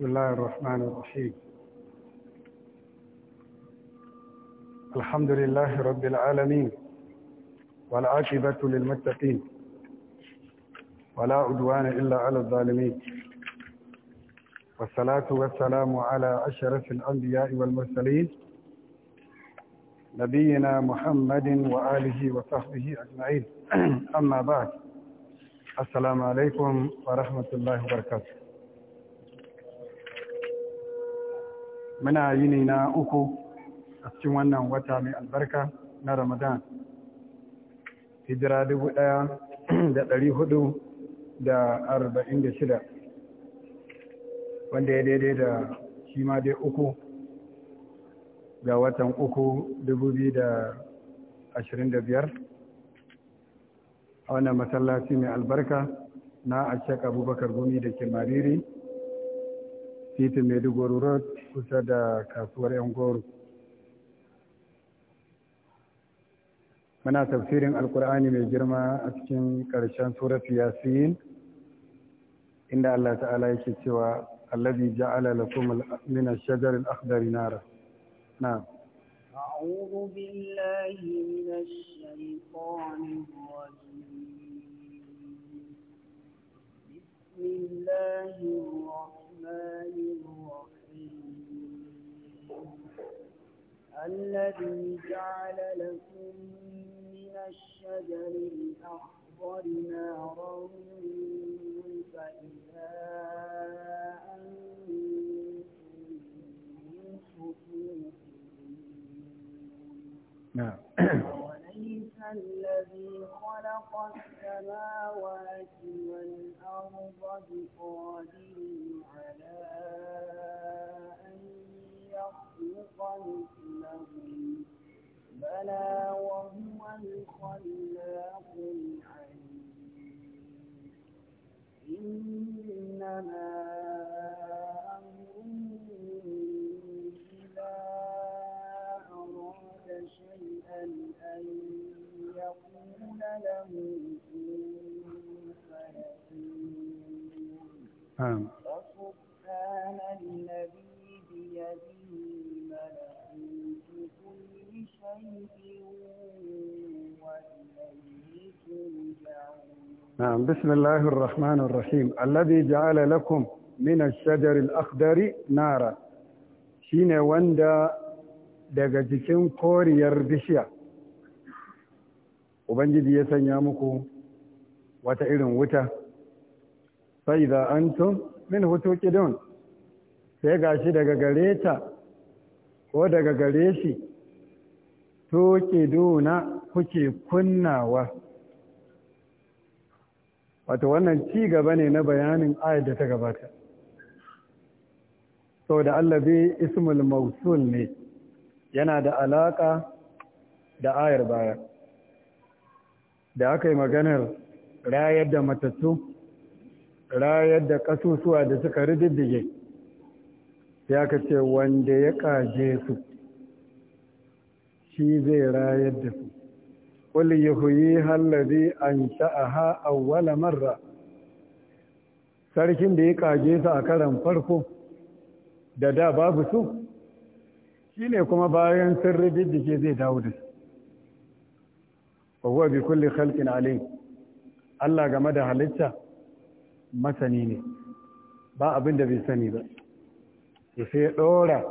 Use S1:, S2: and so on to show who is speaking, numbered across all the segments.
S1: بسم الله الرحمن الرحيم الحمد لله رب العالمين والعاقبة للمتقين ولا عدوان إلا على الظالمين والصلاة والسلام على أشرف الأنبياء والمرسلين نبينا محمد وآله وصحبه أجمعين أما بعد السلام عليكم ورحمة الله وبركاته muna yini na uku a cikin wannan wata mai albarka na ramadan hijira dubu ɗaya hudu da arba'in da shida wanda ya daidai da shi ma dai uku ga watan uku dubu biyar a wannan masallaci mai albarka na ashek abubakar gumi da ke mariri titin maiduguri road kusa da kasuwar yan goro muna tafsirin alkur'ani mai girma a cikin ƙarshen suratu yasin inda allah ta'ala yake cewa allazi ja'ala lakum min ash-shajari al-akhdari nara na'am
S2: a'udhu billahi min الذي جعل لكم من الشجر الأخضر نارا فإذا نعم وليس الذي خلق السماوات والأرض بقادر على يخلق مثلهم بلى وهو الخلاق العليم إنما أمره إذا أراد شيئا أن يقول له كن فسبحان الذي نعم
S1: بسم الله الرحمن الرحيم الذي جعل لكم من الشجر الأخضر نارا شين daga jikin koriyar bishiya ubangiji ya sanya muku wata irin wuta sai da antum min hutu kidon sai gashi daga gare ta ko daga gare shi to kiduna kuke kunnawa wato wannan ci gaba ne na bayanin ayar da ta gabata saboda allabi ismul mausul ne yana da alaka da ayar baya da aka yi maganar rayar da matattu rayar da kasusuwa da suka rididdige sai aka ce wanda ya kaje su shi zai rayar da su قل يحييها الذي أنشأها أول مرة sarkin da ya kage su a karan farko da da babu su shine kuma bayan sirri ke zai dawo da su wa bi kulli khalqin alim Allah game da halitta masani ne ba abin da bai sani ba sai dora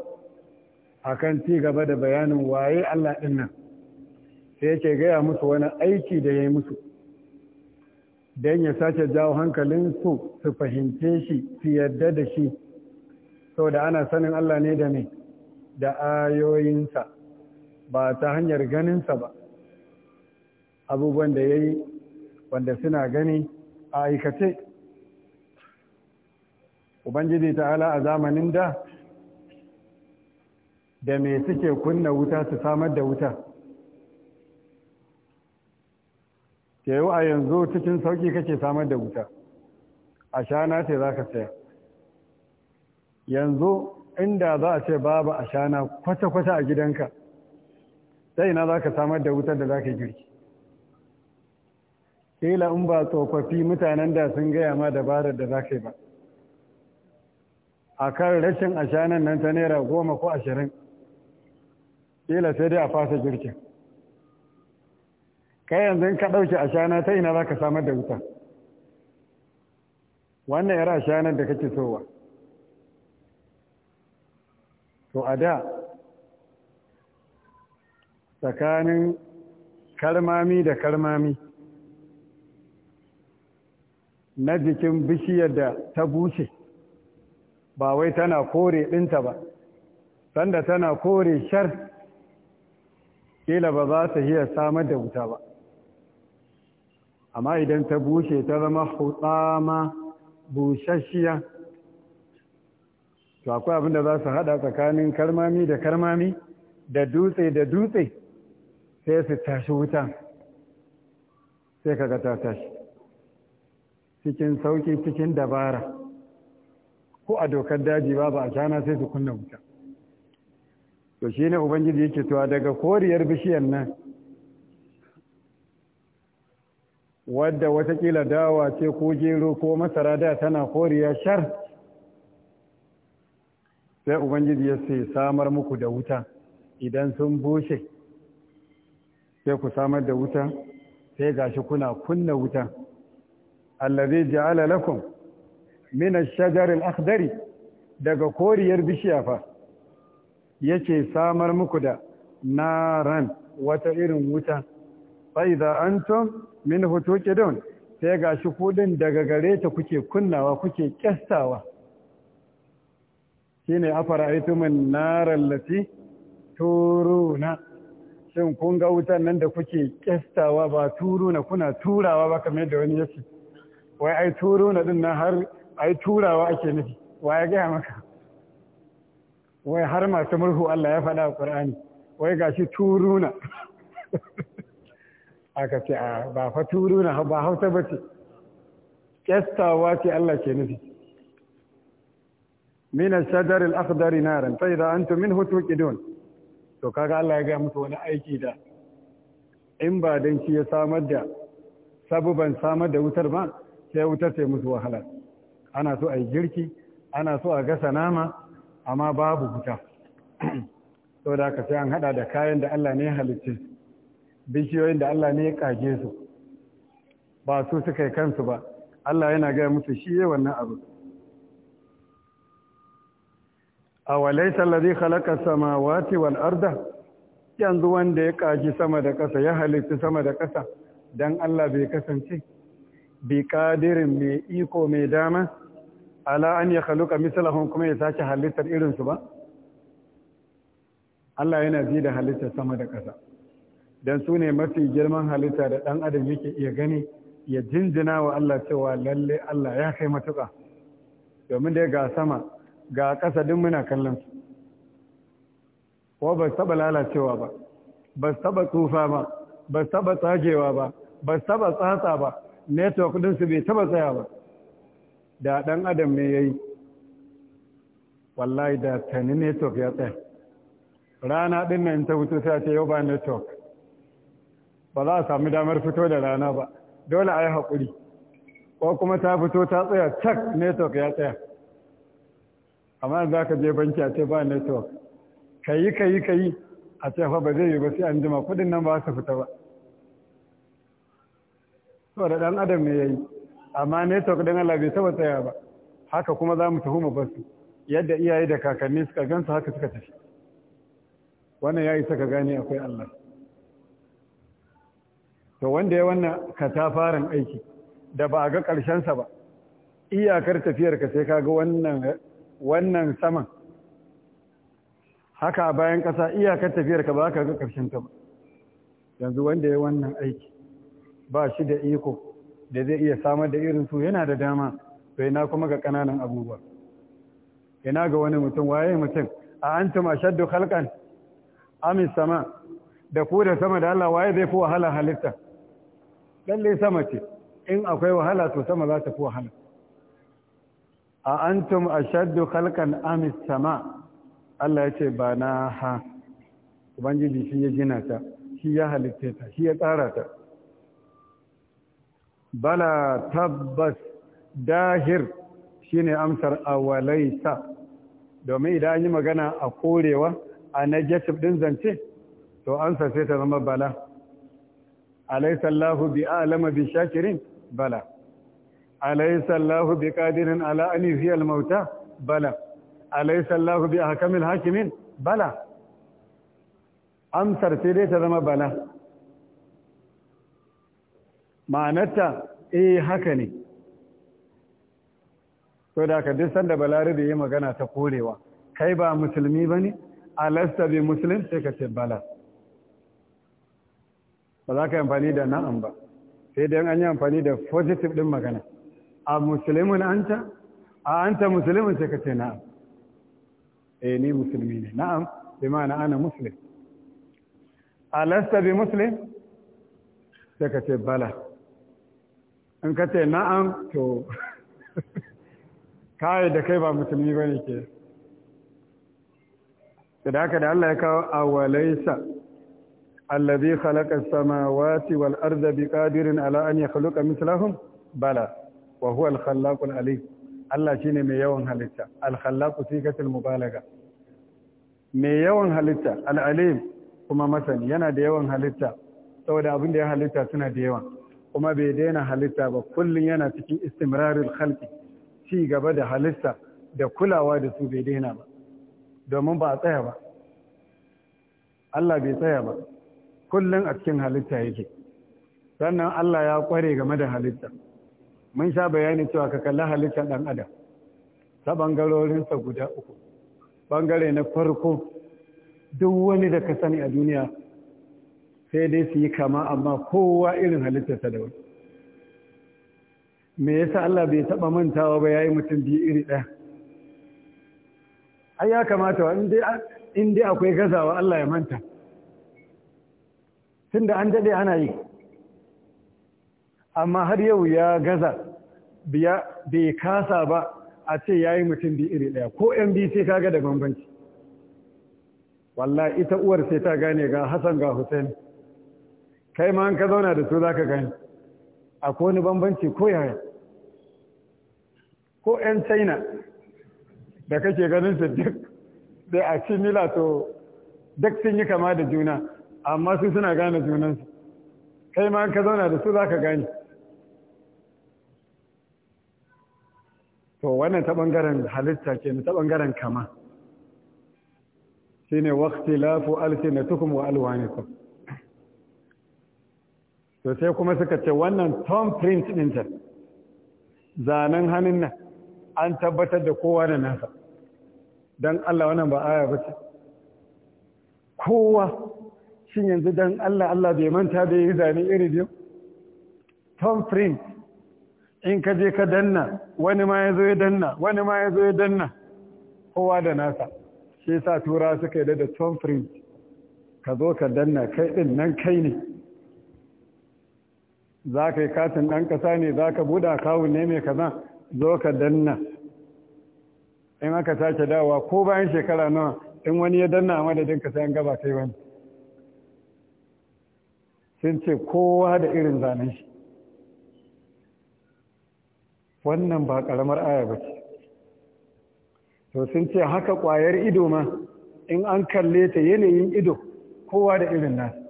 S1: akan ci gaba da bayanin waye Allah ɗin sai yake gaya musu wani aiki da ya yi musu don ya sace jawo hankalin su su fahimce shi su yadda da shi saboda ana sanin Allah ne da me da ayoyinsa ba ta hanyar ganinsa ba abubuwan da ya yi wanda suna gani a aikace ubangiji ta'ala a zamanin da da me suke kunna wuta su samar da wuta yau a yanzu cikin sauki kake samar da wuta a shana ce za ka saya yanzu inda za a ce babu a shana kwata-kwata a gidanka sai na za ka samar da wutar da za ka girki kila in ba tsofaffi mutanen da sun gaya ma dabarar da za ka yi ba a kan rashin shanan nan ta naira goma ko ashirin kila sai dai a fasa girkin kai yanzu in ka ɗauke shana ta ina za ka samar da wuta wannan yara shana da kake sowa to a da tsakanin karmami da karmami na jikin bishiyar da ta bushe ba wai tana kore ɗinta ba sanda tana kore shar kila ba za ta iya samar da wuta ba amma idan ta bushe ta zama hutsama bushashiya to akwai abin da za su hada tsakanin karmami da karmami da dutse da dutse sai su tashi wuta sai kaga ta tashi cikin sauki cikin dabara ko a dokar daji ba ba a cana sai su kunna wuta to shi ne ubangiji yake cewa daga koriyar bishiyar nan wadda watakila dawa ce ko gero ko masara da tana koriya shar sai ubangiji ya ce samar muku da wuta idan sun bushe sai ku samar da wuta sai gashi kuna kunna wuta allazi ja'ala lakum min ash-shajar al-akhdari daga koriyar bishiya fa yake samar muku da naran wata irin wuta fa idza antum min hoto don sai ga shi kudin daga gare ta kuke kunnawa kuke kyastawa shi ne afara aitumin na lati turuna shin kun ga wutan nan da kuke kyastawa ba turuna kuna turawa ba kamar da wani yasi. wai ai turuna din nan har ai turawa ake nufi wa ya gaya maka wai har masu murhu Allah ya faɗa a ƙur'ani wai gashi turuna aka ce a ba fa na ba hausa ba ce kyastawa ce Allah ke nufi min ash na ran akhdar da an idza min hutu kidon to kaga Allah ya ga musu wani aiki da in ba dan shi ya samar da sabuban samar da wutar ba sai wutar sai musu wahala ana so a yi girki ana so a gasa nama amma babu wuta da ka sai an hada da kayan da Allah ne ya halicce bishiyoyin da Allah ne ya kage su ba su suka yi kansu ba Allah yana gaya musu shi yi wannan abu a walaisa lari halaka samawati wal arda yanzu wanda ya kaji sama da ƙasa ya halittu sama da ƙasa don Allah bai kasance bi kadirin mai iko mai dama ala an ya haluka misalahun kuma ya sace halittar irinsu ba Allah yana ji da halittar sama da ƙasa dan su ne mafi girman halitta da ɗan adam yake iya gani ya jinjina wa Allah cewa lalle Allah ya kai matuƙa domin dai ga sama ga ƙasa duk muna kallon su ko ba su lalacewa ba ba su taɓa tsufa ba ba su tsagewa ba ba su tsatsa ba network ɗinsu bai taba tsaya ba da ɗan adam ne ya yi wallahi da tani network ya tsaya rana ɗin nan ta wuce ta ce yau ba network ba za a sami damar fito da rana ba dole a yi haƙuri ko kuma ta fito ta tsaya cak network ya tsaya amma za ka je banki a ce ba network ka yi ka yi ka yi a ce fa ba zai yi ba sai an jima kuɗin nan ba su fita ba So da ɗan adam ne ya yi amma network ɗin Allah bai taɓa tsaya ba haka kuma za mu tuhuma su. yadda iyaye da kakanni suka gansu haka suka tafi wannan ya isa ka gane akwai Allah to wanda ya wannan katafaren aiki da ba a ga ƙarshensa ba iyakar tafiyar ka sai ka ga wannan wannan saman haka bayan ƙasa iyakar tafiyar ka ba ka ga ƙarshen ta ba yanzu wanda ya wannan aiki ba shi da iko da zai iya samar da irin su yana da dama to ina kuma ga ƙananan abubuwa ina ga wani mutum waye mutum a antum ashaddu khalqan amin sama da ku da sama da Allah waye zai fi wahala halitta lalle sama ce in akwai wahala to sama za ta fi wahala a antum shaddu halkan amis sama Allah ya ce ba na ha ubangiji shi ya gina ta shi ya halitta ta shi ya tsara ta bala tabbas dahir shine amsar awalaisa domin idan an yi magana a korewa a negative din zance to ansa sai ta zama bala alaysa Allahu bi alama bi shakirin bala alaysa Allahu bi qadirin ala an yuhyi al mauta bala alaysa Allahu bi ahkamil hakimin bala amsar sai dai ta zama bala ma'anarta eh haka ne to da ka duk sanda balarabe yi magana ta korewa kai ba musulmi bane alasta bi muslim sai ka ce bala ba za ka yi amfani da na'am ba sai dai an yi amfani da positive din magana a musulmin an ta a ta musulmin sai ka ce na'am eh ni musulmi ne na'am bi ma'ana ana muslim alasta bi muslim sai ka ce bala in ka ce na'am to kawai da kai ba musulmi ba ne ke da haka da Allah ya kawo awalaisa الذي خلق السماوات والأرض بقادر على أن يخلق مثلهم بلى وهو الخلاق العليم Allah shi ne mai yawan halitta alkhallaku sikatul mubalaga mai yawan halitta al'alim kuma masani yana da yawan halitta saboda abin da ya halitta suna da yawa kuma bai daina halitta ba kullum yana cikin istimrarul khalqi ci gaba da halitta da kulawa da su bai daina ba domin ba a tsaya ba Allah bai tsaya ba kullum a cikin halitta yake sannan Allah ya kware game da halitta mun sha bayani cewa ka kalli halittar ɗan adam ta ɓangarorinsa guda uku ɓangare na farko duk wani da ka sani a duniya sai dai su yi kama amma kowa irin halittarsa da wani me yasa Allah bai taɓa mantawa ba ya yi mutum biyu iri ɗaya ai ya kamata wa in dai akwai gazawa Allah ya manta tun da an daɗe ana yi amma har yau ya gaza bai kasa ba a ce ya yi mutum biyu iri ɗaya ko biyu sai kaga da bambanci walla ita uwar sai ta gane ga hassan ga hussein kai ma an ka zauna da su za ka gani ko wani bambanci ko yaya ko 'yan china da kake ganin su duk da a cin nila to duk sun yi kama da juna amma su suna gane junansu kai ma ka zauna da su zaka gane to wannan ta ɓangaren halitta ke ta ɓangaren kama shi ne wakti lafu alsinatukum wa alwanikum to sai kuma suka ce wannan tom print ɗinta zanen hannun nan an tabbatar da kowa da nasa don allah wannan ba aya ba ce kowa shin yanzu don Allah Allah bai manta da yi zane iri biyu tom print in ka je ka danna wani ma ya zo ya danna wani ma ya zo ya danna kowa da nasa shi sa tura suka yi da tom print ka zo ka danna kai din nan kai ne za ka yi katin ɗan ƙasa ne za ka buɗa kawun ne mai kaza zo ka danna in aka sake dawa ko bayan shekara nawa in wani ya danna a madadin ka sai an gaba kai wani sun ce kowa da irin zanen shi wannan ba ƙaramar aya ba ce to sun ce haka ƙwayar ido ma in an kalle ta yanayin ido kowa da irin nasa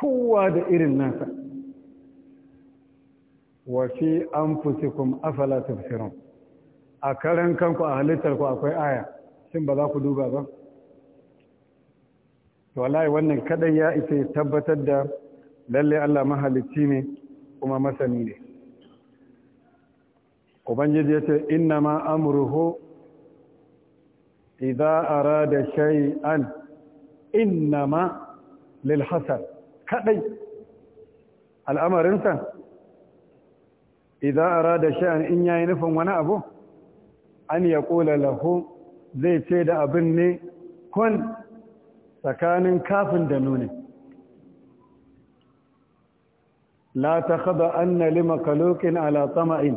S1: kowa da irin nasa wa fi anfusikum afala tubsirun a karan kanku a halittar ku akwai aya shin ba za ku duba ba wallahi wannan kadai ya isa ya tabbatar da lalle Allah mahalicci ne kuma masani ne ubangiji ya ce inna ma amruhu idza arada shay'an inna ma lil hasan kadai al'amarinsa idza arada shay'an in yayi nufin wani abu an ya kula lahu zai ce da abin ne kun tsakanin kafin da nuni la ta khaba anna lima kalokin ala tsama'in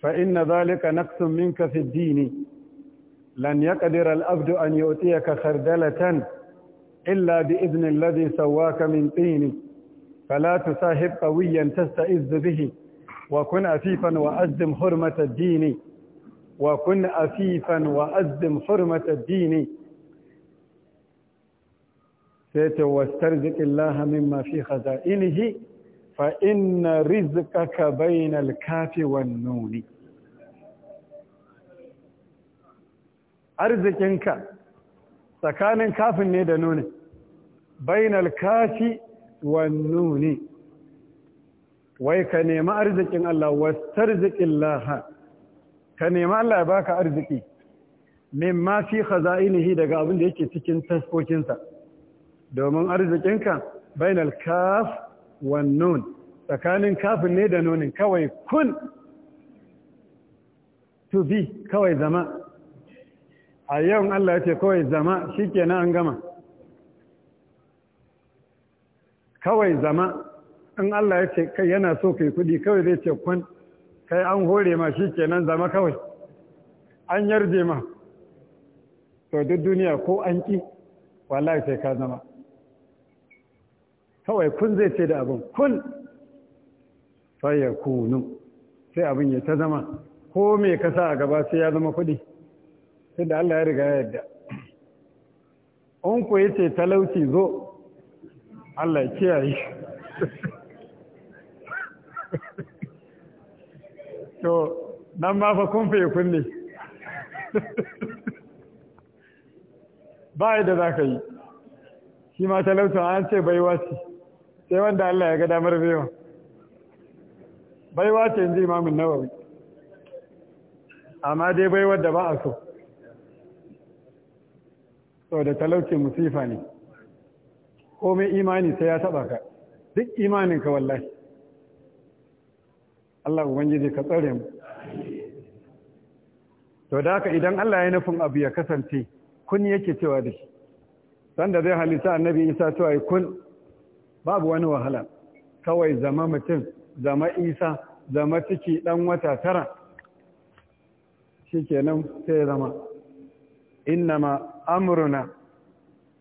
S1: fa inna zalika naqsun minka fi dini lan yaqdir al abdu an yu'tiyaka khardalatan illa bi idni alladhi sawwaka min tini fala tusahib qawiyan tasta'iz bihi wa kun afifan wa azzim hurmata ad-dini wa kun afifan wa azzim hurmata ad-dini sai ta wastarzik Allah mimma fi khaza'inihi fa inna rizqaka bainal kafi wan nuni arzikinka tsakanin kafin ne da nuni bainal kafi wan nuni wai ka nemi arzikin Allah wastarziqillah ka nemi Allah ya baka arziki mimma fi khaza'inihi daga abin da yake cikin taskokinsa domin arzikinka bainal kaf wan nun tsakanin kafin ne da nunin kawai kun to be kawai zama a yau Allah ya ce kawai zama shikenan an gama kawai zama in Allah ya ce kai yana so kai kudi kawai zai ce kun kai an hore ma shikenan zama kawai an yarje ma to duk duniya ko an ki wallahi sai ka zama kawai kun zai ce da abin kun faya kunu sai abin ya ta zama ko mai kasa a gaba sai ya zama kuɗi sai da Allah ya riga ya yadda in ku ya ce talauci zo
S2: Allah ya kiyaye to nan ma fa kun faya kunne.
S1: ba yadda za ka yi shi ma talautan an ce baiwa ce sai wanda Allah ya ga damar baiwa baiwa ce yanzu imamin nawawi amma dai baiwar da ba a so sau da talauci musifa ne komai imani sai ya taba ka duk imaninka wallahi Allah Ubangiji ka tsare mu to da haka idan Allah ya nufin abu ya kasance kun yake cewa da shi sanda zai halitta annabi isa cewa kun babu wani wahala kawai zama mutum zama isa zama ciki dan wata tara nan sai zama innama amruna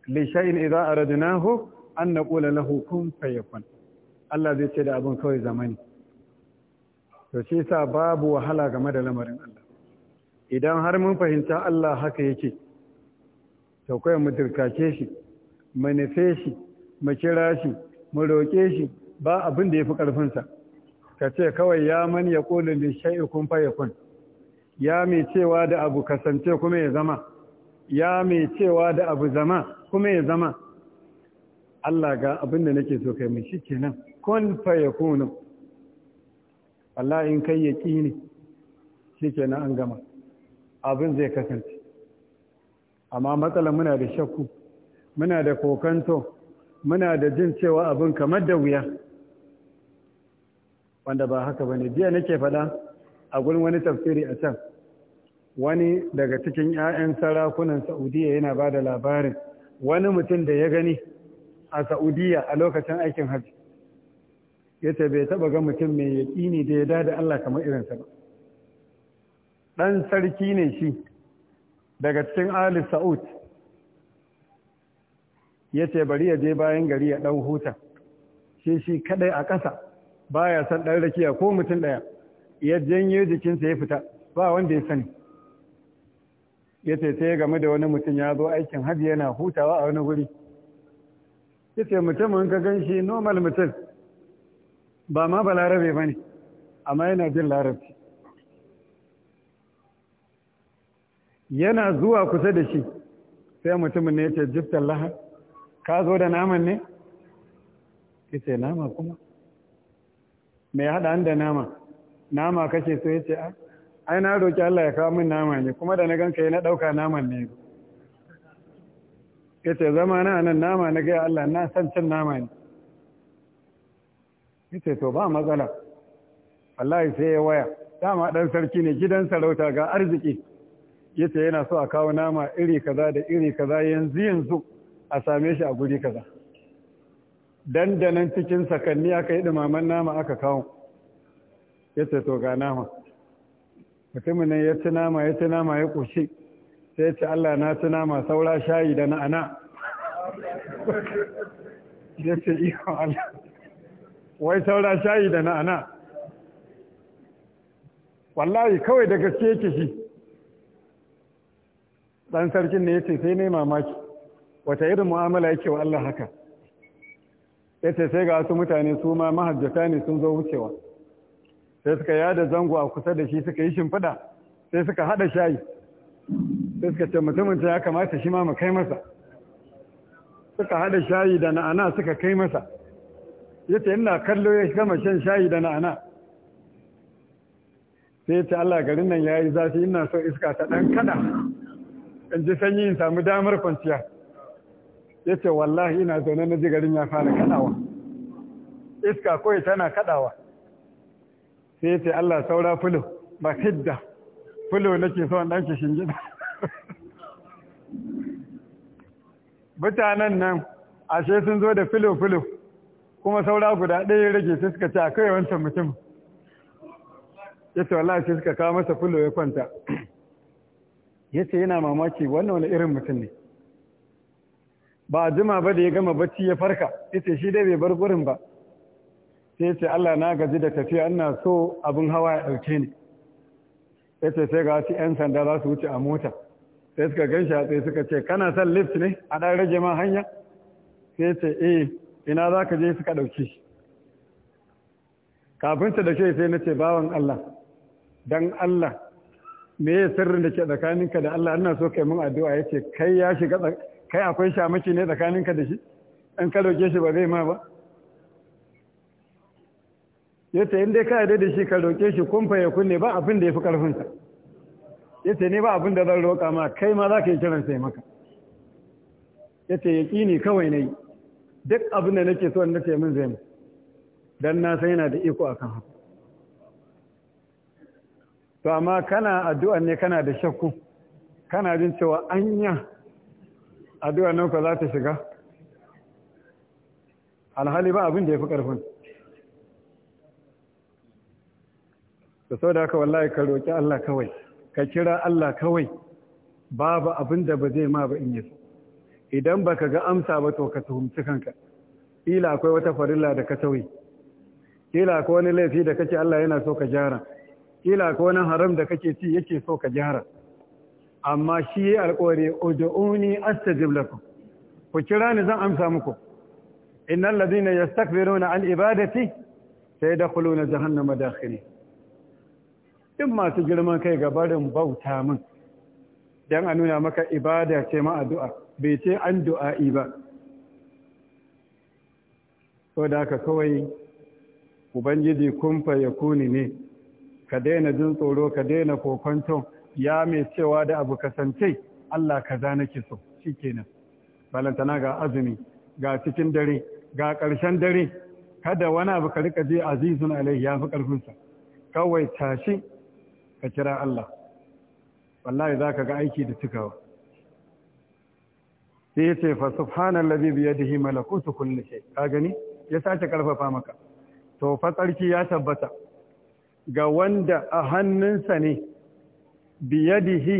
S1: li shay'in idza aradnahu an naqula lahu kun fayakun Allah zai ce da abin kawai zamani to shi sa babu wahala game da lamarin Allah idan har mun fahimta Allah haka yake to kai mu dirkake shi mu nufe shi mu kira shi mu roƙe shi ba abin da ya fi ƙarfinsa ka ce kawai ya man ya ƙolin da shai kun kun. ya mai cewa da abu kasance kuma ya zama ya mai cewa da abu zama kuma ya zama Allah ga abin da nake so kai mai shi ke nan kun kunu. Allah in kai ya ƙi ne shi ke nan an gama abin zai kasance amma matsalar muna da shakku muna da kokanto muna da jin cewa abin kamar da wuya wanda ba haka ba ne jiya nake fada a gurin wani tafsiri a can wani daga cikin 'ya'yan sarakunan saudiya yana ba da labarin wani mutum da ya gani a saudiya a lokacin aikin hajji ya ce bai taɓa ga mutum mai yaƙini da ya dada Allah kamar irinsa ba ɗan sarki ne shi daga cikin ali sa'ud ya ce bari ya je bayan gari ya ɗau huta shi shi kaɗai a ƙasa ba ya san ɗan rakiya ko mutum ɗaya ya janyo jikinsa ya fita ba wanda ya sani ya ce sai game da wani mutum ya zo aikin hajji yana hutawa a wani wuri ya ce mutumin ka gan shi normal mutum ba ma ba larabe ba ne amma yana jin larabci yana zuwa kusa da shi sai mutumin ne ya ce jiftar lahar ka zo da naman ne ce nama kuma me ya haɗa da nama nama kake so ya a ai na roki Allah ya kawo min nama ne kuma da na ganka na ɗauka naman ne ce zama na nan nama na gaya Allah na san cin nama ne ce to ba matsala ya sai ya waya dama ɗan sarki ne gidan sarauta ga arziki yace yana so a kawo nama iri kaza da iri kaza yanzu yanzu a same shi a guri kaza dandanan cikin sakanni aka yi dumaman nama aka kawo ya ce to ga nama mutumin ya ci nama ya ci nama ya ƙoshi sai ya ce Allah na ci nama saura shayi da na'ana
S2: ya ce iya Allah
S1: wai saura shayi da na'ana wallahi kawai da gaske yake shi ɗan sarkin ne ya ce sai ne mamaki wata irin mu'amala yake wa Allah haka ya ce sai ga wasu mutane su ma mahajjata ne sun zo wucewa sai suka yada zango a kusa da shi suka yi shimfiɗa sai suka haɗa shayi sai suka ce mutumin ta ya kamata shi ma mu kai masa suka haɗa shayi da na'ana suka kai masa ya ce ina kallo ya gama shan shayi da na'ana sai ya ce Allah garin nan ya yi zafi ina so iska ta ɗan kaɗa in ji sanyi in samu damar kwanciya ya ce wallahi ina zaune na jigarin garin ya fara kadawa iska kawai tana kadawa sai ya ce Allah saura fulo ba hidda fulo nake son ɗan kishin gida mutanen nan ashe sun zo da filo-filo kuma saura guda ɗaya rage sai suka ce a kai wancan mutum ya ce wallahi sai suka kawo masa filo ya kwanta ya ce yana mamaki wannan wani irin mutum ne ba jima ba da ya gama bacci ya farka ita shi dai bai bar gurin ba sai ce Allah na gaji da tafiya ina so abin hawa ya ɗauke ni yace ce sai ga wasu 'yan sanda za su wuce a mota sai suka gan shi a tsaye suka ce kana son lift ne a dan rage ma hanya sai ce eh ina za ka je suka ɗauki shi kafin ta dauke sai nace bawan Allah dan Allah me ya sirrin da ke tsakaninka da Allah ina so kai mun addu'a yace kai ya shiga kai akwai shamaki ne tsakaninka da shi an ka shi ba zai ma ba ya ce in dai ka yarda da shi ka roƙe shi kumfa ya kunne ba abin da ya fi ƙarfinsa ya ce ne ba abin da zan roƙa ma kai ma za ka yi kiran sai maka ya ce ya ƙini kawai na yi duk abin da nake so na ce min zai mu don na san yana da iko akan haka to amma kana addu'an ne kana da shakku kana jin cewa anya addu'a nan ka za ta shiga alhali ba abin da ya fi ƙarfin da sau da aka wallahi ka roƙi Allah kawai ka kira Allah kawai babu abin da ba zai ma ba in yi idan ba ka ga amsa ba to ka tuhumci kanka ila akwai wata farilla da ka tauye ila akwai wani laifi da kake Allah yana so ka gyara ila akwai wani haram da kake ci yake so ka gyara amma shi ya alƙawari ud'uni astajib lakum ku kira ni zan amsa muku innal ladina yastakbiruna an ibadati sayadkhuluna jahannama dakhili in masu girman kai ga barin bauta min dan a nuna maka ibada ce ma addu'a bai ce an du'a'i ba so da haka kawai ubangiji kumfa ya kuni ne ka daina jin tsoro ka daina kokonton ya mai cewa da abu kasance Allah kaza nake so shikenan balantana ga azumi ga cikin dare ga ƙarshen dare kada wani abu ka rika je azizun alaihi ya fi ƙarfinsa kawai tashi ka kira Allah wallahi za ka ga aiki da cikawa sai ya ce fa subhanallazi bi yadihi malakutu kulli shay ka gani ya sace karfafa maka to fa ya tabbata ga wanda a hannunsa ne biyadihi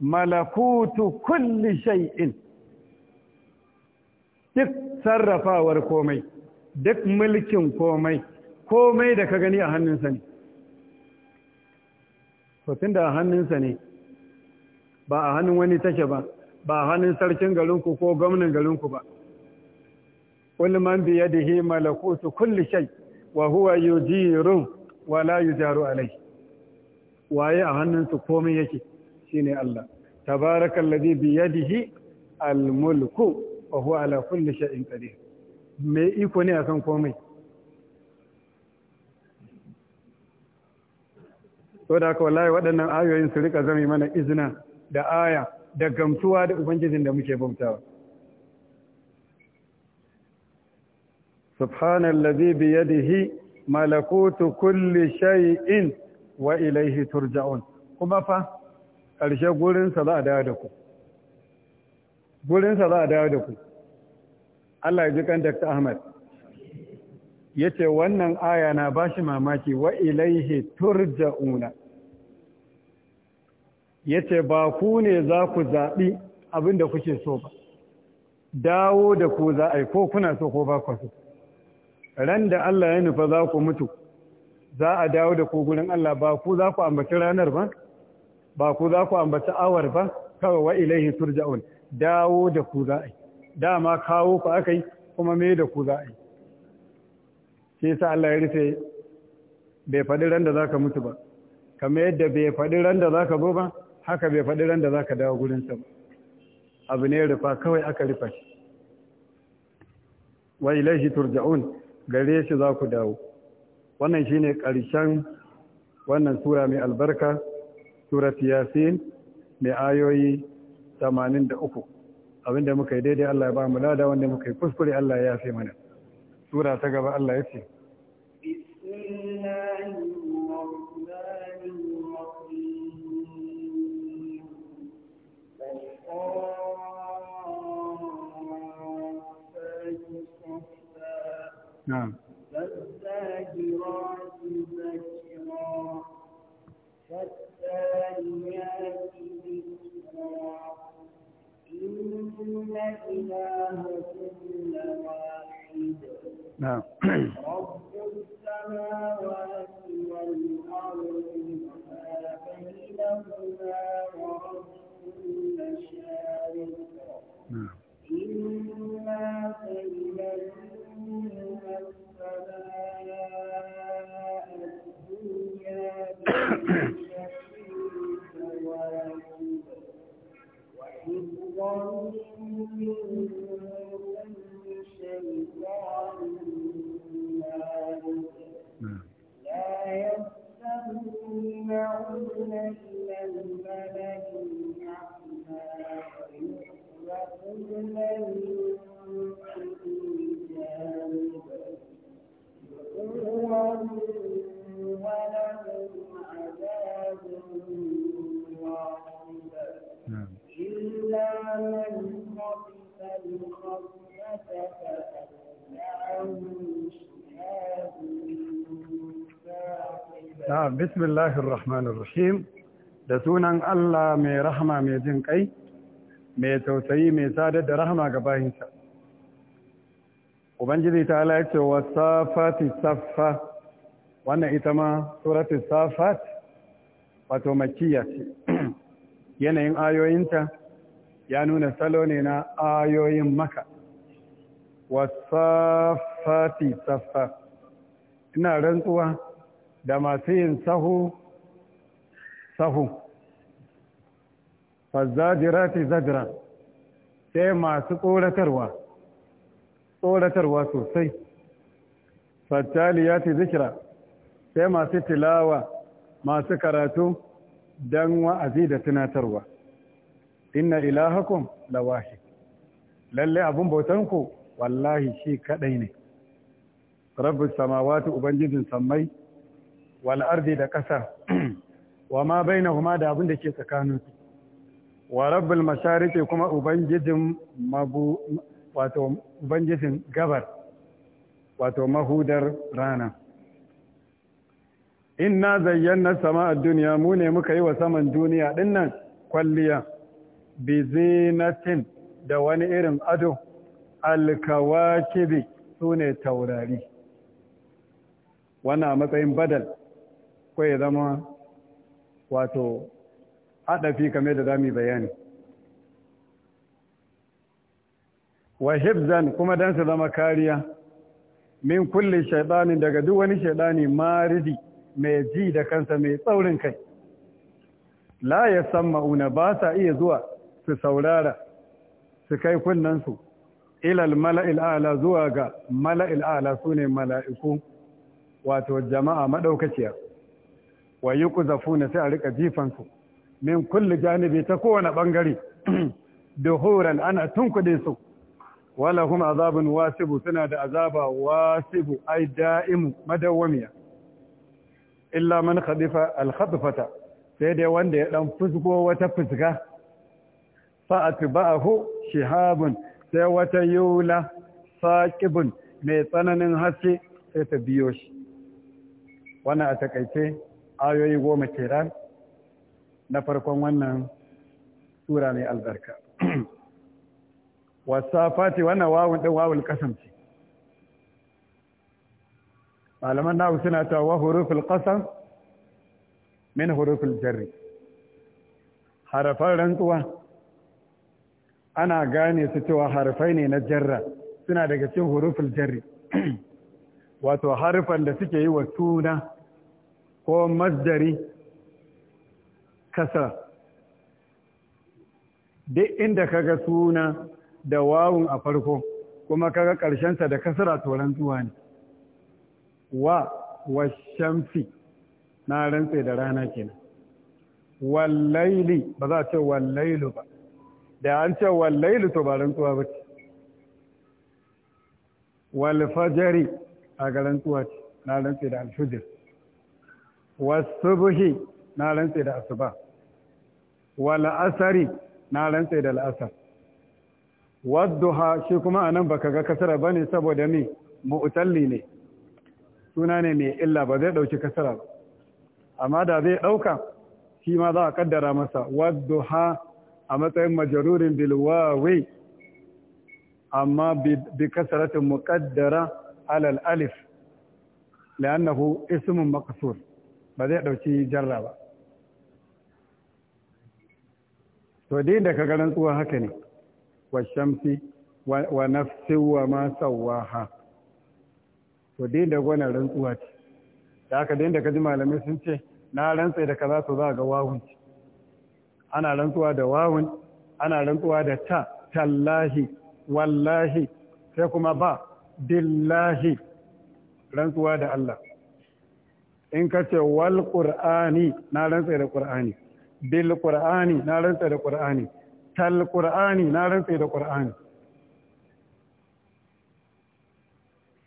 S1: malakutu kulli shay'in duk sarrafawar komai duk mulkin komai komai da ka gani a hannunsa ne tun da a hannunsa ne ba a hannun wani take ba ba a hannun sarkin garinku ko gwamnan garinku ba kulli da biyadihi malakutu kulli shay wa huwa yujiru wala la yujaru alai. waye a hannun su komai yake shine Allah tabarakallazi bi yadihi almulku wa huwa ala kulli shay'in qadir me iko ne akan komai to da haka wallahi waɗannan ayoyin su rika zama mana izina da aya da gamsuwa da ubangijin da muke bautawa subhanallazi bi yadihi malakutu kulli shay'in wa ilaihi turja'un kuma fa ƙarshe gurinsa za a dawo da ku gurinsa za a dawo da ku Allah ya ji kan Dr. Ahmad ya ce wannan aya na ba shi mamaki wa ilaihi turja'una ya ce ba ku ne za ku zaɓi abin da kuke so ba dawo da ku za a yi ko kuna so ko ba ku so ran da Allah ya nufa za ku mutu za a dawo da ku gurin Allah ba ku za ku ambaci ranar ba ba ku za ku ambaci awar ba kawai wa ilaihi turja'un dawo da ku za a yi dama kawo ku aka yi kuma me da ku za a yi shi sa Allah ya rufe bai faɗi ran da za ka mutu ba kamar yadda bai faɗi ran da za ka zo ba haka bai faɗi ran da za ka dawo gurinsa ba abu ne rufa kawai aka rufa shi wa ilaihi turja'un gare shi za ku dawo wannan shine ƙarshen wannan sura mai albarka surat yasin mai ayoyi 83 abinda muka yi daidai Allah ya ba mu lada wanda muka yi kuskure Allah ya fi mana sura ta gaba Allah ya ce
S2: إن إلهكم لواحد رب السماوات A'a,
S1: bismillahir da sunan Allah mai rahama mai jin kai mai tausayi mai sadar da rahama ga bayinsa ubangiji ta ala yace wasafati saffa wannan ita ma surati safat wato makkiya ce yanayin ayoyinta ya nuna salo ne na ayoyin maka wasafati saffa ina rantsuwa da masu yin sahu sahu fazzajirati zajira sai masu tsoratarwa tsoratarwa sosai fattaliyati zikira sai masu tilawa masu karatu don wa'azi da tunatarwa inna ilahakum lawahi lalle abun bautanku wallahi shi kaɗai ne rabbus samawati ubangijin sammai wal ardi da ƙasar wa ma bainahuma da abin da ke tsakanin su wa rabbul mashariki kuma ubangijin mabu wato ubangijin gabar wato mahudar rana inna zayyana sama a duniya mu ne muka yi wa saman duniya dinnan kwalliya Bizinatin da wani irin ado alkawakibi su ne taurari wannan matsayin badal ko ya zama wato haɗafi kamar da za bayani wa hibzan kuma don su zama kariya min kulle shaidanin daga duk wani shaidani maridi mai ji da kansa mai tsaurin kai la ya san ma'una ba sa iya zuwa su saurara su kai kunnansu ilal mala'il ala zuwa ga mala'il ala su ne mala'iku wato jama'a maɗaukaciya wa na sai a rika jifan min kulli janibi ta kowane ɓangare. Da horan ana tun tunkude su wala kuma azabin wasibu suna da azaba wasibu ai da'imu madawwamiya illa man khadifa alkhadfata sai dai wanda ya ɗan fusgo wata fusga fa ba'ahu shihabun sai wata yula saqibun mai tsananin haske sai ta biyo shi wannan a takaice ayoyi goma kenan na farkon wannan sura mai albarka wasafati wannan wawun ɗin wawul kasam ce malaman nahu suna cewa wa huruful qasam min huruful jarri harafan rantsuwa ana gane su cewa harafai ne na jarra suna daga cikin huruful jarri wato harufan da suke yi wa suna ko masdari kasa duk inda kaga suna da wawun a farko kuma kaga sa da kasara to zuwa ne wa washamfi na rantse da rana kenan wallaili ba za a ce wallailu ba da an ce wallailu to ba rantsuwa ba ce walfajari a ga rantsuwa ce na rantse da alfijir wasubuhi na rantse da asuba wala asari na rantse da al'asar wadduha shi kuma anan baka ga kasara bane saboda me mu'talli ne suna ne mai illa ba zai dauki kasara ba amma da zai dauka shi ma za a kaddara masa wadduha a matsayin majarurin bil wawi amma bi kasaratin muqaddara ala al alif لأنه اسم مقصور ba zai ɗauki jarra ba to dai da ka ga rantsuwa haka ne wa shamsi wa nafsiwa ma sauwa ha, to dai da gwana rantsuwa ce da aka dai da ka ji malamai sun ce na rantsa da kaza to za ga wawun ce ana rantsuwa da wawun ana rantsuwa da ta tallahi wallahi sai kuma ba billahi rantsuwa da Allah in ka ce wal qur'ani na rantsa da qur'ani bil qur'ani na rantsa da qur'ani tal qur'ani na rantsa da qur'ani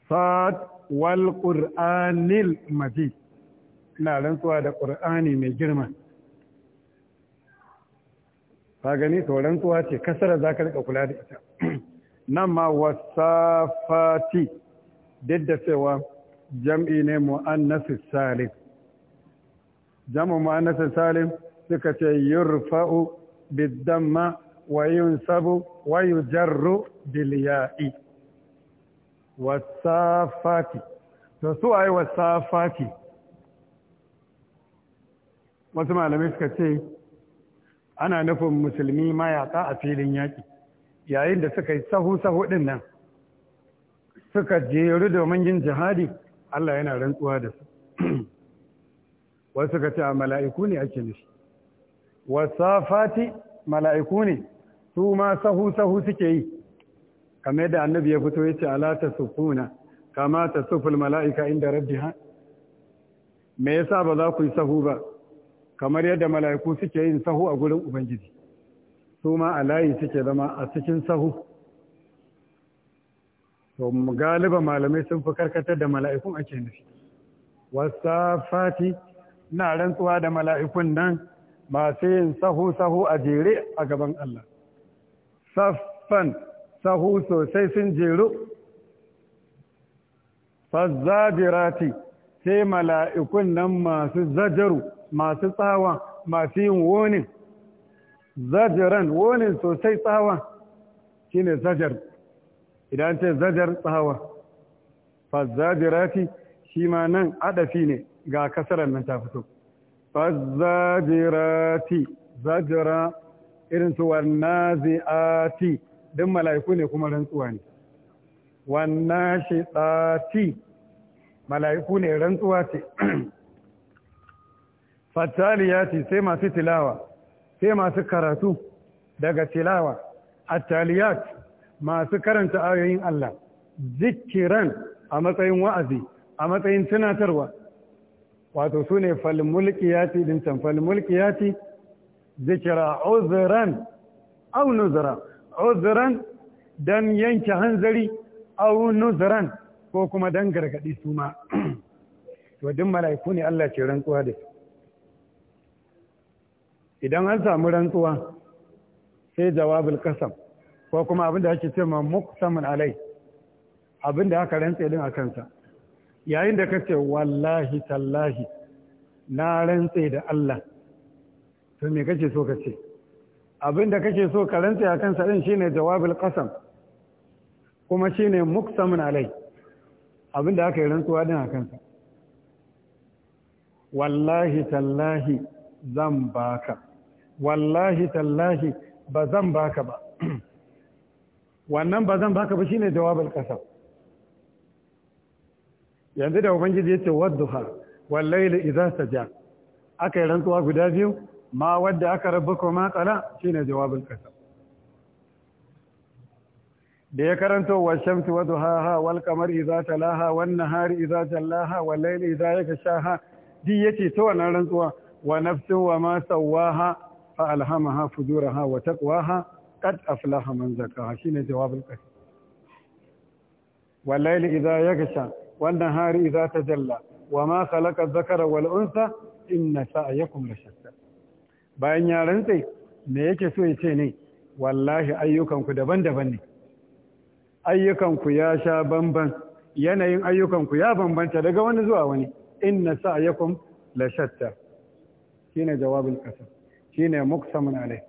S1: sad wal qur'anil majid na rantsuwa da qur'ani mai girma ka gani to rantsuwa ce kasara ka rika kula da ita nan ma wasafati duk da cewa jam'i ne mu’annasi salim jam'u mu’annasi salim suka ce yurfa'u Biddamma, wa yunsabu wa yujarru bil ya'i wasafati to su ai wasafati wasu malamai suka ce ana nufin musulmi mayaka a filin yaƙi yayin da suka yi sahu sahu din nan suka jeru domin yin jihadi Allah yana rantsuwa da su wasu suka ce a mala'iku ne ake nufi Fati mala'iku ne su ma sahu sahu suke yi kamar da annabi ya fito ya ce ala ta sufuna kama ta suful mala'ika inda ha. me yasa ba za ku yi sahu ba kamar yadda mala'iku suke yin sahu a gurin ubangiji su ma a layi suke zama a cikin sahu to galiba malamai sun fi karkatar da mala'ikun ake nufi wasafati na rantsuwa da mala'ikun nan masu yin sahu-sahu a jere a gaban Allah saffan sahu sosai sun jeru fazzajirati sai mala'ikun nan masu zajaru masu tsawa masu yin wonin zajiran wonin sosai tsawa shine zajar idan ce zajar tsawa fazzajirati shi ma nan adafi ne ga kasarar nan ta fito fazzajirati zajira irin su wannazi'ati don mala'iku ne kuma rantsuwa ne wannashitati mala'iku ne rantsuwa ce fataliyati sai masu tilawa sai masu karatu daga tilawa attaliyat masu karanta ayoyin Allah zikiran a matsayin wa'azi a matsayin tunatarwa wato su ne falmulkiyati din can falmulkiyati zikira auziran au nuzra uzran don yanke hanzari au nuzran ko kuma don gargadi su ma to duk mala'iku ne Allah ce rantsuwa da su idan an samu rantsuwa sai jawabul kasam ko kuma abin da ake ce ma muktamin alai abin da aka rantse din a kansa yayin da ka ce wallahi tallahi na rantse da Allah to me kake so ka ce abin da kake so ka rantse a kansa din shine jawabul qasam kuma shine muktamin alai abin da aka yi rantsuwa din a kansa wallahi tallahi zan baka wallahi tallahi ba zan baka ba wannan ba zan baka ba shine jawabin ƙasa. yanzu da ubangiji yace wadduha wal layli idza saja yi rantsuwa guda biyu ma wadda aka ko ma qala shine jawabin ƙasa. da ya karanto wa shamsi wa duhaha wal qamari idza talaha wan nahari idza jallaha wal layli idza yakshaha di yace ta wannan rantsuwa wa nafsin wa ma sawaha fa alhamaha fujuraha wa taqwaha kad aflaha man zakaha shine jawabul qari wal layli idha yaghsha wan nahari idha tajalla wama khalaqa dhakara wal unsa inna sa'yakum lashatta bayan ya rantsa me yake so ya ce ne wallahi ayyukanku daban-daban ne ayyukanku ya sha bamban yanayin ayyukanku ya bambanta daga wani zuwa wani inna sa'yakum la shatta shine jawabul qasam shine muqsamun alai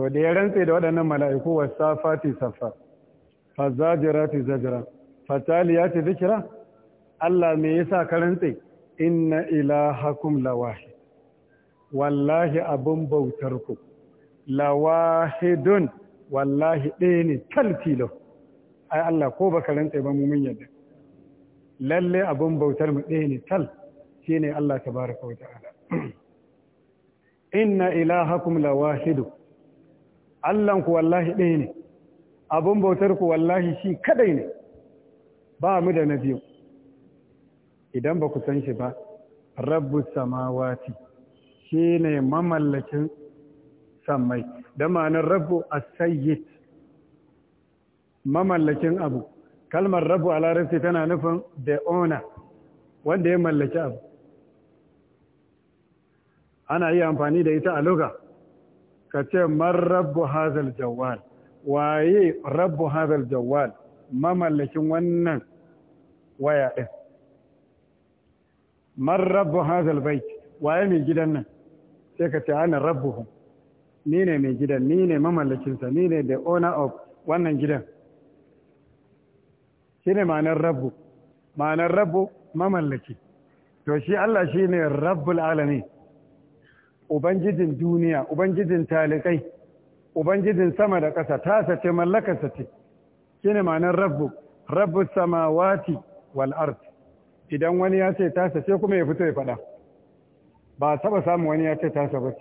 S1: to da ya rantse da waɗannan mala'iku wasafati safa fazajirati zajra fataliyati zikira. Allah me yasa ka rantse inna ilahakum lawahid wallahi abun bautar ku lawahidun wallahi ɗaya ne kalfilo ai Allah ko baka rantse ba mu yadda lalle abun bautar mu ɗaya ne tal shine Allah tabaraka wa ta'ala inna ilahakum lawahidu Allahnku wallahi ɗaya ne abin bautar ku wallahi shi kadai ne ba mu da na biyu idan ba ku san shi ba rabu samawati shi ne mamallakin sammai da ma'anar rabu a sayyid mamallakin abu kalmar rabu a larabci tana nufin the owner wanda ya mallaki abu ana iya amfani da ita a lokacin. ka ce man rabbu hazal jawal. waye rabbu hazal jawal mamallakin wannan waya ɗin man rabbu hazal bait waye mai gidan nan sai ka ce ana rabbuhum ni ne mai gidan ni ne mamallakinsa ni ne the owner of wannan gidan Shi ne ma'anar rabbu ma'anar rabbu mamallaki to shi Allah shi ne rabbul alamin ubangijin duniya ubangijin talikai ubangijin sama da ƙasa ta-sa-sa sace ce mallakarsa ce ne ma'anar rabu-rabu samawati wal ard idan wani ya ce ta sace kuma ya fito ya faɗa ba saba samun wani ya ce tasa ba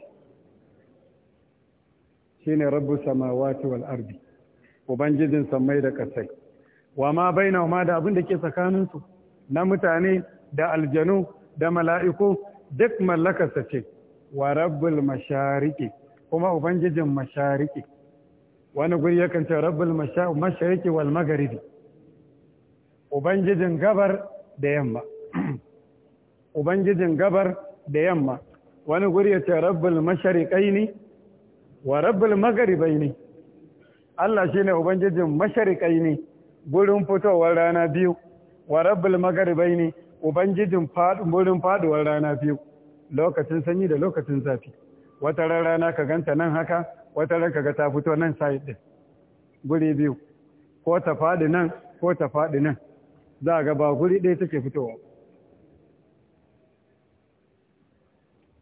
S1: Shi ne rabu samawati wal ardi ubangijin samai da ƙasai wa ma bainahuma da abin da ke tsakaninsu na mutane da aljanu da mala'iku duk sa ce wa rabbul mashariki kuma ubangijin mashariki wani guri yakan ce rabbul mashariki wal magharibi ubangijin gabar da yamma ubangijin gabar da yamma wani guri yace rabbul mashariqaini wa rabbul magharibaini Allah shine ubangijin mashariqaini gurin fitowar rana biyu wa rabbul magharibaini ubangijin fadin gurin faduwar rana biyu lokacin sanyi da lokacin zafi wata rana ka ganta nan haka wata ran ka ga ta fito nan side din guri biyu ko ta faɗi nan ko ta faɗi nan za ga ba guri ɗaya take fitowa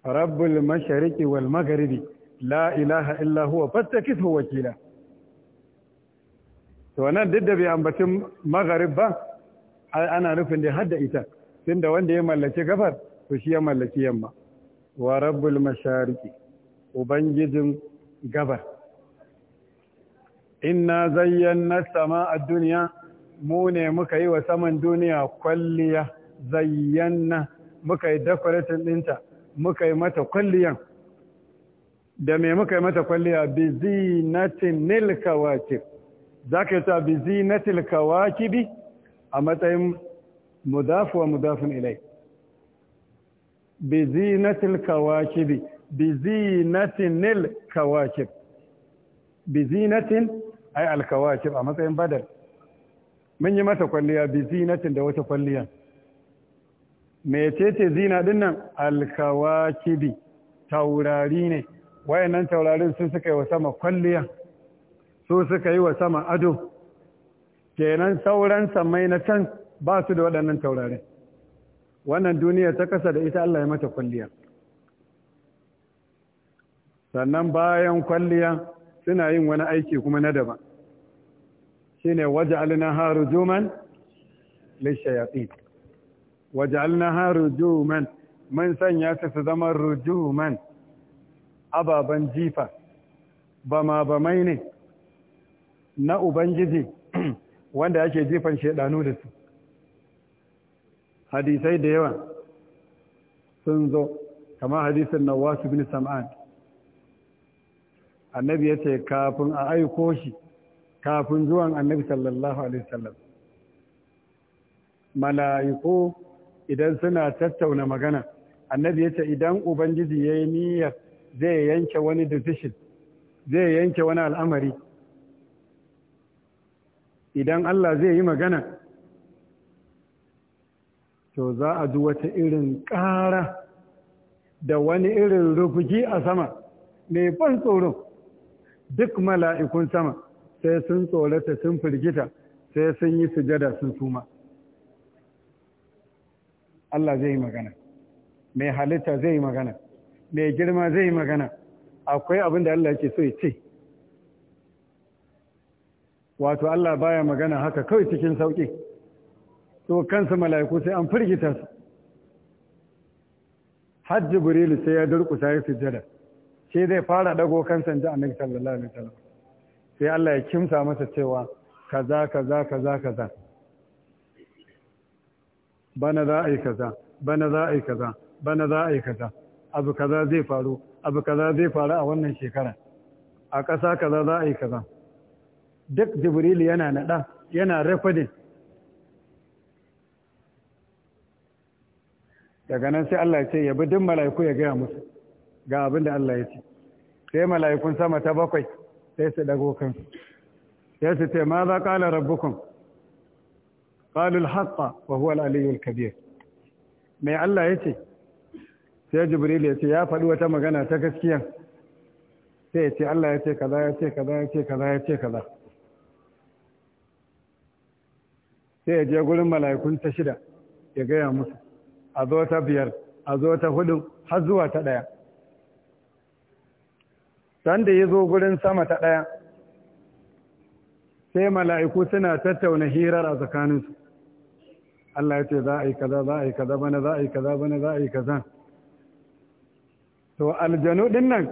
S1: rabbul mashariqi wal magharibi la ilaha illa huwa fattakithu wakila to nan duk da bai ambaci magharib ba ana nufin da hadda ita tunda wanda ya mallaki gabar to shi ya mallaki yamma wa rabbul mashariki ubangijin gabar inna zayyana a duniya mu ne muka yi wa saman duniya kwalliya zayyana muka yi decorating ɗinta muka yi mata kwalliyan da me muka yi mata kwalliya bi zinatin za ka yi ta bi zinatil kawakibi a matsayin mudafu mudafin ilai bizinatil kawakibi bizinatinil kawakib bizinatin ai alkawakib a matsayin badal mun yi mata kwalliya bizinatin da wata kwalliya mecece zina din nan alkawakibi taurari ne wayannan taurarin sun suka yi wa sama kwalliya su suka yi wa sama ado kenan sauran samai na can ba su da waɗannan taurarin wannan duniya ta kasa da ita Allah ya mata kwalliya sannan bayan kwalliya suna yin wani aiki kuma na daban shine waj'alnaha waje alina Haru Juman mun sanya ta su zama rujuman ababen jifa bama bamai ne na ubangiji wanda yake jifan shedanu da su hadisai da yawa sun zo kamar hadisin wasu bin sam'ad annabi ya ce kafin a aiko shi kafin zuwan annabi sallallahu alaihi wasallam mala'iku idan suna tattauna magana annabi ya ce idan ubangiji ya yi niyyar zai yanke wani decision zai yanke wani al'amari idan Allah zai yi magana to za a ji wata irin ƙara da wani irin rufuki a sama mai ban tsoro duk mala'ikun sama sai sun tsorata sun firgita sai sun yi sujada sun suma Allah zai yi magana mai halitta zai yi magana mai girma zai yi magana akwai abin da Allah ke so ya ce wato Allah baya magana haka kawai cikin sauƙi to kansa mala'iku sai an firgita su Hajji jibrilu sai ya durkusa ya sujjada sai zai fara dago kansa ji annabi sallallahu alaihi wasallam sai Allah ya kimsa masa cewa kaza kaza kaza kaza bana za a yi kaza bana za a yi kaza bana za a yi kaza abu kaza zai faru abu kaza zai faru a wannan shekara a ƙasa kaza za a yi kaza duk jibrilu yana nada yana rafadin. daga nan sai Allah ya ce yabi duk mala'iku ya gaya musu ga abin da Allah ya ce sai mala'ikun sama ta bakwai sai su dago kan sai su ce ma za qala rabbukum qalu al-haqqa wa huwa al-aliyyul kabir mai Allah ya ce sai Jibril ya ce ya faɗi wata magana ta gaskiya sai ya ce Allah ya ce kaza ya ce kaza ya ce kaza ya ce kaza sai ya je gurin mala'ikun ta shida ya gaya musu a zo ta biyar a zo ta hudu har zuwa ta ɗaya sanda ya zo gurin sama ta ɗaya sai mala'iku suna tattauna hirar a tsakaninsu Allah ya ce za a yi kaza za a yi kaza bana za a yi kaza bana za a yi kaza to aljanu din nan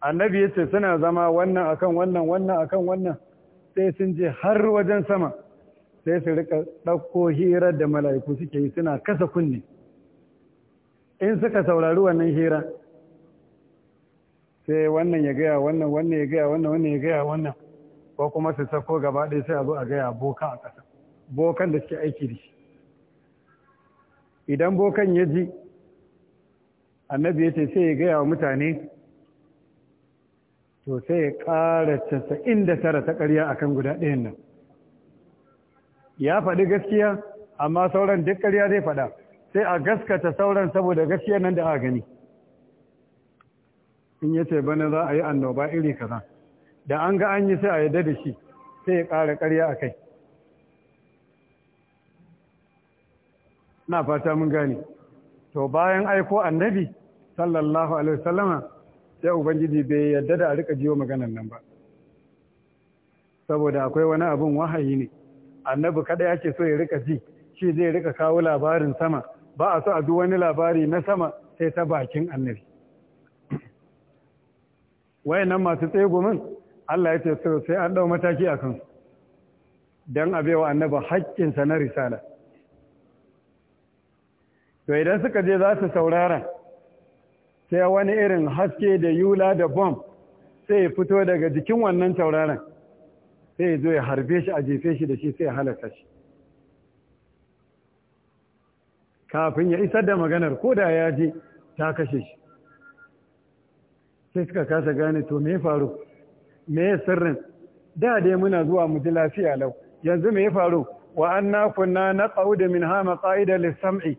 S1: annabi ya ce suna zama wannan akan wannan wannan akan wannan sai sun je har wajen sama sai su rika ɗauko hirar da mala'iku suke yi suna kasa kunne in suka saurari wannan hira sai wannan ya gaya wannan wannan ya gaya wannan wannan ya gaya wannan ko kuma su sako gaba ɗaya sai a zo a gaya bokan a ƙasa bokan da suke aiki da shi idan bokan ya ji annabi ya ce sai ya gaya wa mutane to sai ya ƙara casa'in da tara ta ƙarya a kan guda ɗayan nan ya faɗi gaskiya amma sauran duk ƙarya zai faɗa sai a gaskata sauran saboda gaskiyar nan da aka gani in ya ce bana za a yi annoba iri kaza da an ga an yi sai a yarda da shi sai ya ƙara ƙarya a kai na fata mun gane to bayan aiko annabi sallallahu alaihi wasallama sai ubangiji bai yarda da a rika jiwo maganan nan ba saboda akwai wani abun wahayi ne annabi kada yake so ya rika ji shi zai rika kawo labarin sama ba a so a duk wani labari na sama sai ta bakin annabi wayannan masu tsegumin Allah ya ce su sai an ɗau mataki a kansu don a baiwa annaba haƙƙinsa na risala to idan suka je za su saurara sai wani irin haske da yula da bom sai ya fito daga jikin wannan sauraron sai ya zo ya harbe shi a jefe shi da shi sai ya halaka shi kafin ya isar da maganar ko da ya je ta kashe shi sai suka kasa gane to me faru me sirrin da dai muna zuwa mu ji lafiya lau yanzu me faru wa anna kunna naqaudu ha maqaida lis-sam'i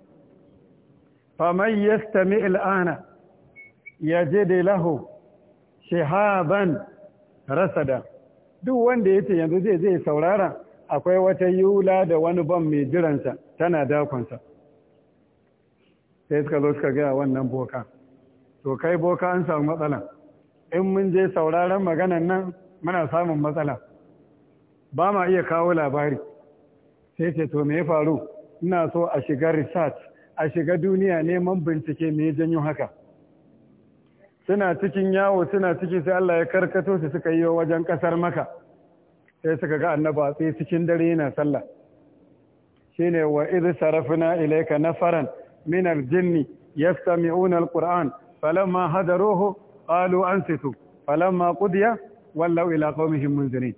S1: man yastami' al-ana yajid lahu shihaban rasada duk wanda yace yanzu zai zai saurara akwai wata yula da wani ban mai jiransa tana dakonsa sai suka zo suka gaya wannan boka to kai boka an samu matsala in mun je sauraron maganan nan muna samun matsala ba ma iya kawo labari sai ce to me ya faru ina so a shiga research a shiga duniya neman bincike me ya janyo haka suna cikin yawo suna ciki sai Allah ya karkato su suka yi wajen kasar maka sai suka ga annaba sai cikin dare yana sallah shine wa idh sarafna na faran? من الجن يستمعون القرآن فلما هدروه قالوا أنصتوا فلما قضي ولوا إلى قومهم منذرين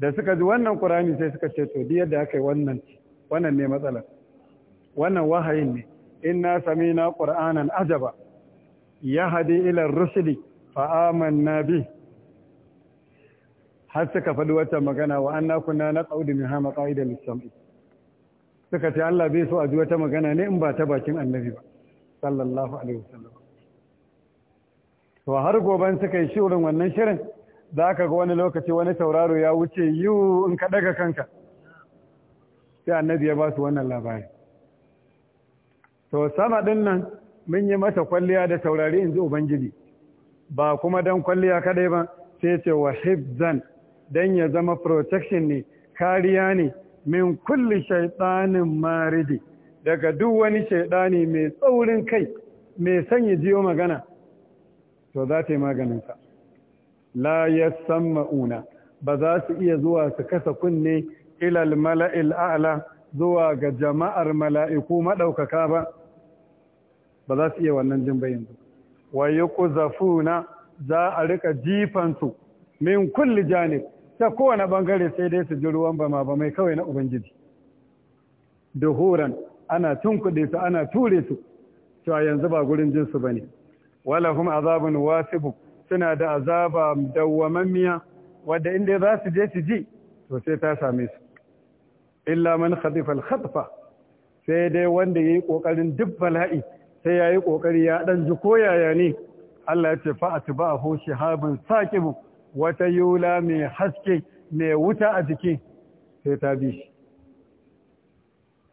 S1: da suka ji wannan Qur'ani sai suka ce to diyar da aka yi wannan wannan ne matsalar wannan wahayin ne inna samina qur'anan ajaba yahdi ila rusuli fa amanna bi har suka faɗi wata magana wa anna kunna naqaudu hama maqaida lis-sam'i suka ce Allah bai so a ji wata magana ne in ba ta bakin annabi ba sallallahu alaihi wasallam to har goban suka yi shirin wannan shirin za ka ga wani lokaci wani tauraro ya wuce yiwu in ka daga kanka sai annabi ya ba su wannan labari to sama din nan mun yi mata kwalliya da taurari in ji ubangiji ba kuma dan kwalliya kadai ba sai ce wa hibzan dan ya zama protection ne kariya ne min kulli shaitanin maridi daga duk wani shaitani mai tsaurin kai mai sanya jiyo magana to za ta yi maganinsa la ya ma'una ba za su iya zuwa su kasa kunne ilal mala'il a'ala zuwa ga jama'ar mala'iku maɗaukaka ba ba za su iya wannan jin bayin ba wa zafuna za a rika jifansu min kulli janib ta kowane bangare sai dai su ji ruwan bama ba mai kawai na ubangiji duhuran ana tunkuɗe su ana ture su cewa yanzu ba gurin jinsu ba ne walahum azabun wasibu suna da azaba dawwamammiya wadda inda za su je su ji to sai ta same su illa man khatifa khatfa sai dai wanda ya yi kokarin duk bala'i sai yayi kokari ya dan ji yaya ne Allah ya ce fa atba'ahu shihabun saqib wata yula mai haske mai wuta a jiki sai ta bi shi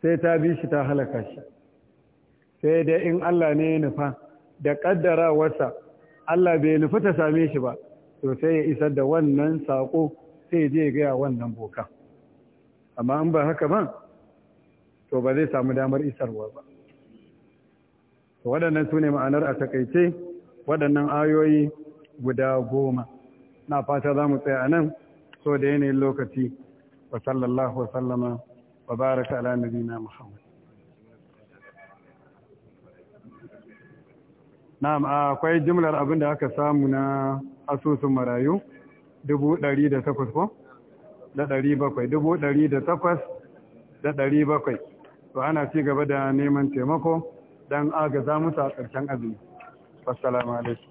S1: sai ta bi shi ta halaka shi sai dai in Allah ne ya nufa da wasa, Allah bai nufi ta same shi ba to sai ya isar da wannan sako sai je gaya wannan boka amma in ba haka ba to ba zai samu damar isarwa ba waɗannan su ne ma'anar a takaice waɗannan ayoyi guda goma na fata za mu tsaya nan so da yanayin lokaci wa sallallahu sallama wa baraka ala nabina muhammad na'am akwai jimlar abin da aka samu na asusun marayu dubu da ko da ɗari bakwai da takwas to ana ci gaba da neman taimako don agaza musu a ƙarshen azumi assalamu alaikum